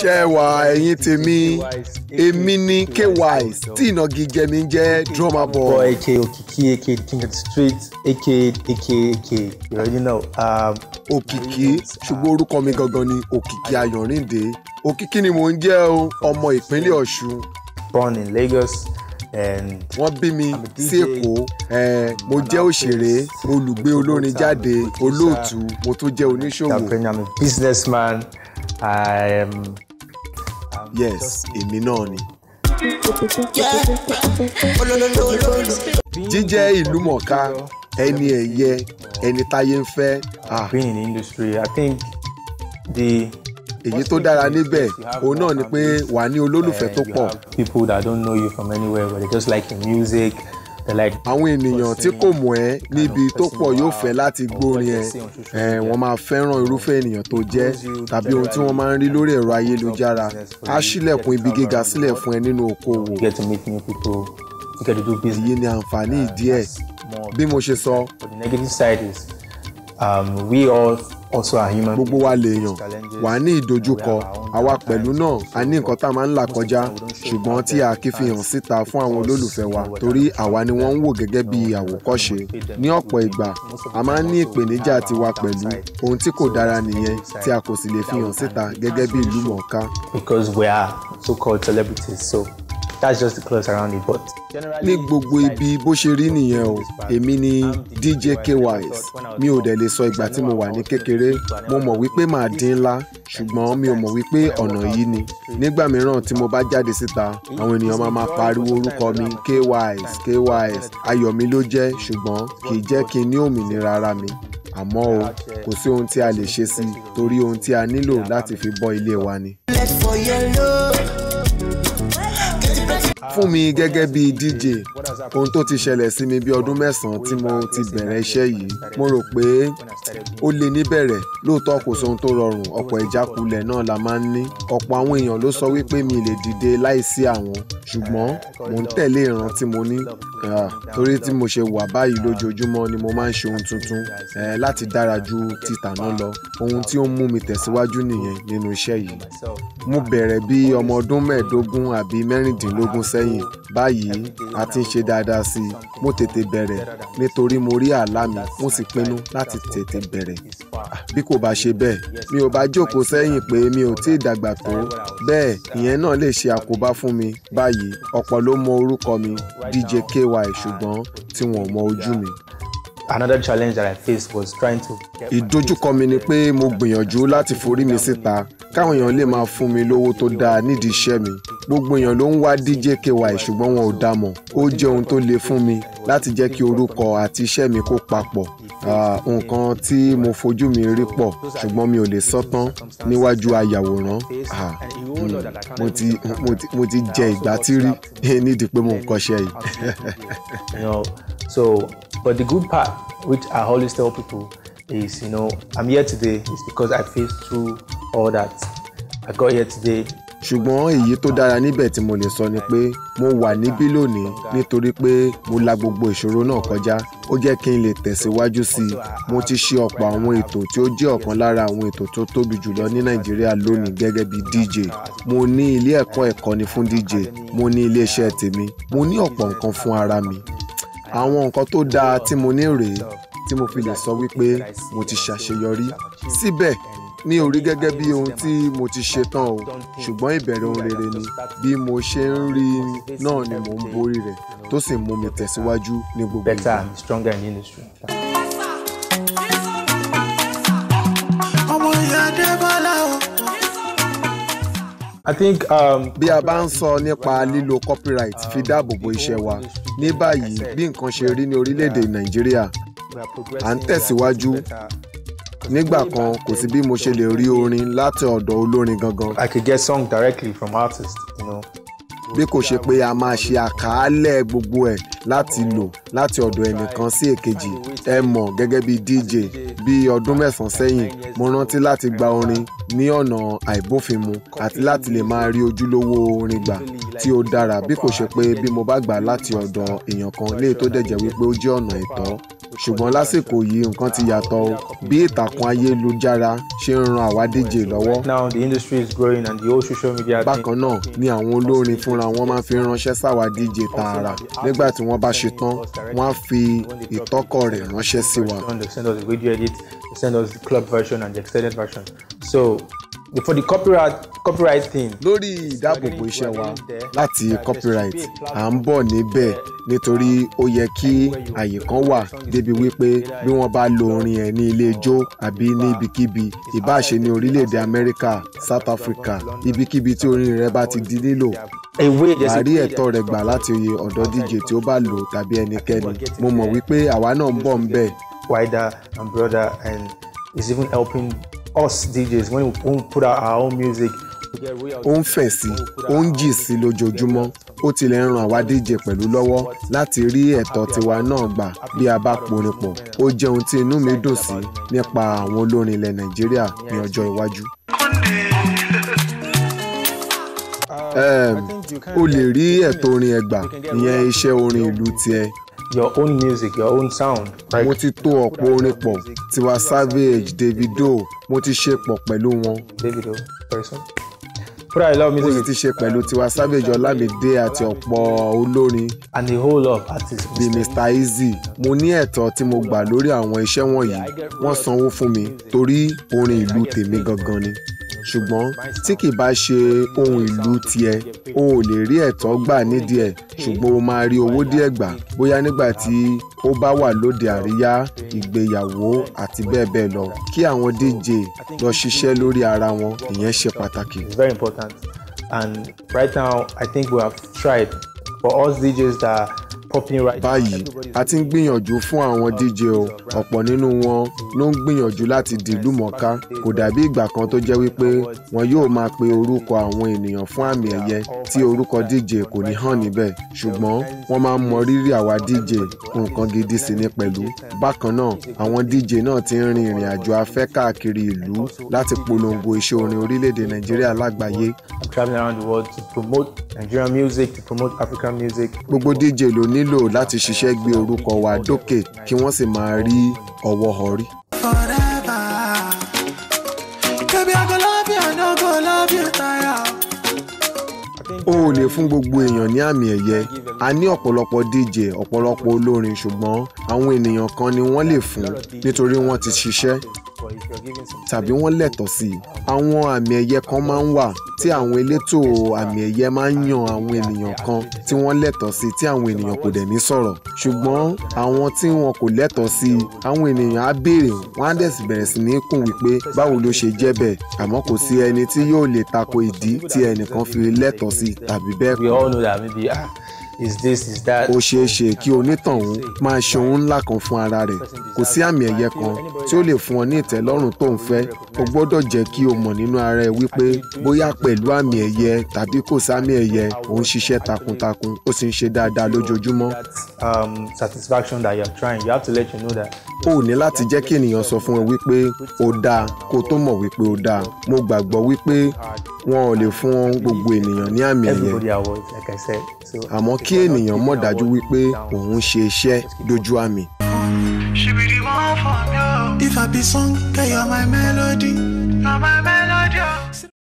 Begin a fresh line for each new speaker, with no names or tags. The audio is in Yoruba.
ṣe wà ẹ̀yin tèmi èmi ni Kaywise tí ìnagijẹ mi jẹ́ drama boy. Boy aka Òkìkí aka king of the street aka aka aka you already know. Òkìkí um, ṣùgbọ́n ah. orúkọ mi gangan ni Òkìkí Ayọ̀rìndé Òkìkí ni mò ń jẹ́ o ọmọ ìpínlẹ̀ Ọ̀ṣun. born in Lagos and. wọ́n bí mi sí Èkó mo jẹ́ òṣèré olùgbé olórin jáde olóòtú mo tún jẹ́ oníṣòwò. I'm a businessman. Um, um, yes, èmi Minoni. ni. Jíjẹ́ ìlú mọ̀ká ẹni ẹ̀yẹ ẹni táyé ń fẹ́. Ah. Being in the industry, I think the èyí tó dára níbẹ̀ òun náà ni pé wà ní olólùfẹ́ tó pọ̀. people that don't know you from anywhere but they just like your music àwọn ènìyàn tí kò mọ̀ ẹ́ níbi tó pọ̀ yóò fẹ́ láti gbórin ẹ ẹ wọ́n máa fẹ́ràn irúfẹ́ ènìyàn tó jẹ́ tàbí ohun tí wọ́n máa ń rí lórí ẹ̀rọ ayélujára á ṣílẹ̀kùn ibi gíga sílẹ̀ fún ẹ nínú okòwò. èyí ni àǹfààní díẹ̀ bí mo ṣe sọ also are gbogbo wa lèèyàn wà ní ìdojúkọ àwa pẹ̀lú náà a ní nǹkan tá a máa ń là kọjá ṣùgbọ́n tí a kì í fi hàn síta fún àwọn olólùfẹ́ wa torí àwa ni wọ́n ń wò gẹ́gẹ́ bí àwòkọ́ṣe ní ọ̀pọ̀ ìgbà a máa ń ní ìpèníjà tiwa pẹ̀lú ohun tí kò dára nìyẹn tí a kò sì lè fi hàn síta gẹ́gẹ́ bí ìlú mọ̀ọ́ká.
because we are so-called celebrities so that's just the clothes around it but.
ní gbogbo ibi bó ṣe rí nìyẹn o èmi ni DJ KYS, mi ò dẹ̀ lè sọ ìgbà tí mo wà ní kékeré mo mọ̀ wípé màá dín ńlá ṣùgbọ́n mi ò mọ̀ wípé ọ̀nà yìí ni nígbà mìíràn tí mo bá jáde síta àwọn ènìyàn máa ma pariwo orúkọ mi Kwise Kwise ayọ̀ mi ló jẹ́ ṣùgbọ́n kì í jẹ́ kí n ní òmìnira ara mi àmọ́ o kò sí ohun tí a lè ṣe sí i torí ohun tí a nílò láti fi bọ́ ilé wa ni fún mi gẹ́gẹ́ bí dj ohun tó ti ṣẹlẹ̀ sí mi bí ọdún mẹ́sàn-án tí mo ti bẹ̀rẹ̀ iṣẹ́ yìí mo rò pé ó lè níbẹ̀rẹ̀ lóòótọ́ kò sóhun tó rọrùn ọ̀pọ̀ ìjákulẹ̀ náà la máa ń ní ọ̀pọ̀ àwọn èèyàn ló sọ wípé mi lè dìde láìsí àwọn ṣùgbọ́n mò ń tẹ̀lé ìran tí mo ní torí tí mo ṣe wà báyìí lójoojúmọ́ ni mo máa ń ṣe ohun tuntun láti dára ju ti tàná lọ ohun tí ó ń mú mi tẹ̀síwájú nìyẹn nínú iṣẹ́ yìí mo bẹ̀rẹ̀ bí ọmọ ọdún mẹ́ẹ̀ẹ́dógún àbí mẹ́rìndínlógún sẹ́yìn báyìí a ti ń ṣe dáadáa sí i mo tètè bẹ̀rẹ̀ nítorí mo rí àlá mi mo sì pinnu láti tètè bẹ̀rẹ̀ bí kò bá ṣe bẹ́ẹ̀ mi ò bá jókòó sẹ́yìn pé mi ò tí ì dàgbà tó bẹ́ẹ̀ ìyẹn náà lè ṣe àkóbá fún mi báyìí ọ̀pọ̀ ló mọ orúkọ mi DJ KY ṣùgbọ́n tí wọn mọ ojú mi.
Another challenge that I faced was
trying to. Ìdojúkọ mi ni pé mo gbìyànjú láti forí mi síta káwọn èèyàn lè máa fún mi lówó tó dáa nídìí iṣẹ́ mi gbogbo èèyàn ló ń wá DJ KY ṣùgbọ́n wọn ò dá mọ̀ ó jẹ́ ohun tó le fún mi láti jẹ́ kí orúkọ àti iṣẹ́ mi kó papọ̀ nǹkan tí mo fojú mi rí pọ̀ ṣùgbọ́n mi ò lè sọ níwájú ayàwòrán hmm, mo ti jẹ ìgbà tí pé mo ń kọ́ṣẹ́ yìí.
So, but the good part which I always tell people is, you know, I'm here today is because I faced through all that. I got here
today ṣùgbọ́n èyí tó dára níbẹ̀ tí mo lè sọ ni pé mo wà níbí lónìí nítorí pé mo la gbogbo ìṣòro náà kọjá ó jẹ́ kí n lè tẹ̀síwájú sí i mo ti ṣe ọ̀pọ̀ àwọn ètò tí ó jẹ́ ọ̀kan lára àwọn ètò tó tóbi jùlọ ní nàìjíríà lónìí gẹ́gẹ́ bí dj mo ní ilé ẹ̀kọ́ ẹ̀kọ́ni fún dj mo ní ilé iṣẹ́ tèmi mo ní ọ̀pọ̀ nǹkan fún ara mi àwọn nǹkan tó dáa tí mo ní rèé tí mo fi lè sọ wípé mo ti ṣàṣeyọrí síbẹ̀ mi ò gẹ́gẹ́ bí ohun tí mo ti ṣe tán o ṣùgbọ́n ìbẹ̀rẹ̀ ohun rere ni bí mo ṣe ń rí i náà ni mò ń borí rẹ̀ tó sì mú mi tẹ̀síwájú ní gbogbo ìgbà. I think. Um, bí a bá ń sọ nípa lílo copyright fi um, dáàbò bo iṣẹ́ wa ní báyìí bí nǹkan ṣe rí ní orílẹ̀-èdè Nàìjíríà à ń tẹ̀síwájú nígbà kan kò sí bí mo ṣe lè rí orin láti ọ̀dọ̀ olórin gangan. I could get song directly from artist. You know? bí kò ṣe pé a máa ṣe àkàálẹ̀ gbogbo ẹ̀ láti lò láti ọ̀dọ̀ ẹnìkan sí èkejì ẹ mọ̀ gẹ́gẹ́ bí DJ bí ọdún mẹ́sàn-án sẹ́yìn mo rántí láti gba orin ní ọ̀nà àìbófinmu àti láti lè máa rí ojúlówó orin gbà tí ó dára bí kò ṣe pé bí mo bá gbà láti ọ̀dọ̀ èèyàn kan léè tó dẹ̀ jẹ́ wípé ó jẹ́ ọ̀nà ẹ̀tọ́ ṣùgbọ́n lásìkò yìí nǹkan ti yàtọ̀ bí ìtàkùn ayélujára ṣe ń ran àwa díje lọ́wọ́. now the industry is growing and the whole social media. bákan náà ni àwọn olórin fúnra wọn máa fi ránṣẹ́ sáwa díje tààrà nígbà tí wọ́n bá ṣe tán wọ́n á fi ìtọ́kọ̀ rẹ̀ ránṣẹ́ sí wa.
send us for the copyright copyright
thing. lórí ìdáàbòbò iṣẹ́ wa láti copyright à ń bọ̀ níbẹ̀ nítorí ó yẹ kí àyè kan wà débi wípé bí wọ́n bá lo orin ẹ̀ ní ilé ijó àbí ní ibikíbi ìbáṣe ní orílẹ̀-èdè amẹ́ríkà south africa ibikíbi tí orin rẹ bá ti di lílò wàá rí ẹ̀tọ́ rẹ̀ gbà láti oyè ọ̀dọ́ dj tí ó bá lò tàbí ẹnikẹ́ni mo mọ̀ wípé àwa náà ń bọ̀ ń bẹ̀. wider and broader and is even helping us DJs when we put out our own music. ó ń fẹ̀ sí ó ń jì sí lójoojúmọ́ ó tilẹ̀ ń ran àwa DJ pẹ̀lú lọ́wọ́ láti rí ẹ̀tọ́ tiwa náà gbà bí a bá porin pọ̀ ó jẹ́ ohun tí inú mi dùn sí nípa àwọn olórin ilẹ̀ Nàìjíríà ní ọjọ́ iwájú. o lè rí ẹ̀tọ́ orin ẹ̀gbà ìyẹn iṣẹ́ orin ìlú tiẹ̀ your own music your own sound. mo ti tó ọ̀pọ̀ orin pọ̀ Tiwa Savage Davido mo ti ṣe pọ̀ pẹ̀lú wọn. Davido person. Put out a lot of music. Mo sì ti ṣe pẹ̀lú Tiwa Savage Ọlámídé àti ọ̀pọ̀ olórin. And a whole lot of artists. Bí Mr Easy, mo ní ẹ̀tọ́ tí mo gbà lórí àwọn iṣẹ́ wọ̀nyí, wọ́n sanwó fún mi torí orin ìlú tèmi gangan ni ṣùgbọ́n tí kì bá ṣe ohun ìlú tiẹ̀ o ò lè rí ẹ̀tọ́ gbà nídìí ẹ̀ ṣùgbọ́n o máa rí owó díẹ̀ gbà bóyá nígbà tí ó bá wà lóde àríyá ìgbéyàwó àti bẹ́ẹ̀ bẹ́ẹ̀ lọ kí àwọn DJ lọ ṣiṣẹ́ lórí ara wọn ìyẹn ṣe pàtàkì. It's very
important and right now I think we have tried for us DJs that báyìí a
ti ń gbìyànjú fún àwọn DJ o ọ̀pọ̀ nínú wọn ló ń gbìyànjú láti dìlú mọ̀ká kò dàbí ìgbà kan tó jẹ́ wípé wọn yóò máa pe orúkọ àwọn ènìyàn fún àmì ẹ̀yẹ tí orúkọ DJ kò ní hàn níbẹ̀ ṣùgbọ́n wọ́n máa ń mọ rírì àwa DJ nǹkan gidi sì ni pẹ̀lú bákan náà àwọn DJ náà ti ń rin ìrìn àjò afẹ́ káàkiri ìlú láti polongo iṣẹ́ orin orílẹ̀-èdè nàìjíríà lágbàáyé.
I'm traveling around the world to promote Nigerian music to promote African music.
gbogbo DJ ló nílò láti ṣiṣẹ́ gbé orúkọ wa dókè kí wọ́n sì máa rí ọwọ́ họrí. o ò lè fún gbogbo èèyàn ní àmì ẹ̀yẹ a ní ọ̀pọ̀lọpọ̀ DJ ọ̀pọ̀lọpọ̀ olórin ṣùgbọ́n àwọn ènìyàn kan ni wọ́n lè fún nítorí wọ́n ti ṣiṣẹ́ tàbí wọ́n lẹ́tọ̀ọ́ sí i. àwọn àmì ẹ̀yẹ kan máa ń wà tí àwọn elétò àmì ẹ̀yẹ máa ń yan àwọn ènìyàn kan tí wọ́n lẹ́tọ̀ọ́ sí tí àwọn ènìyàn kò dẹ̀ ní sọ̀rọ̀ ṣùgbọ́n àwọn tí wọn kò lẹ́tọ̀ọ́ sí àwọn ènìyàn á béèrè wọn á dẹ̀ bẹ̀rẹ̀ sí ní kùn wípé báwo ló ṣe jẹ́ bẹ́ẹ̀ àmọ́ kò sí ẹni tí yóò lè tako ìdí tí ẹnìkan fi lẹ́tọ̀ọ́ sí tàbí bẹ́ẹ̀ is this is that. ó ṣeé ṣe kí onítọ̀hún máa ṣe ohun ńlá kan fún ara rẹ̀ kò sí àmì ẹ̀yẹ kan tí ó lè fún ọ ní ìtẹ́lọ́rùn tó ń fẹ́ o gbọ́dọ̀ jẹ́ kí o mọ̀ nínú ara ẹ wípé bóyá pẹ̀lú àmì ẹ̀yẹ tàbí kò sámì ẹ̀yẹ ò ń ṣiṣẹ́ takuntakun ó sì ń ṣe dáadáa lójoojúmọ́.
Um, satisfaction that you trying you have to let you know that.
o ní láti jẹ́ kí ènìyàn sọ fún ẹ wípé o dáa kó o tó mọ̀ wípé o dáa mo gbàgbọ́ wípé wọn ò lè fún gbogbo ènìyàn ní àmì ẹ̀yẹ àmọ́ kí ènìyàn mọ̀ dájú wípé òun ṣe iṣẹ́ dojú àmì.
If I be song, play on my melody. On my melody.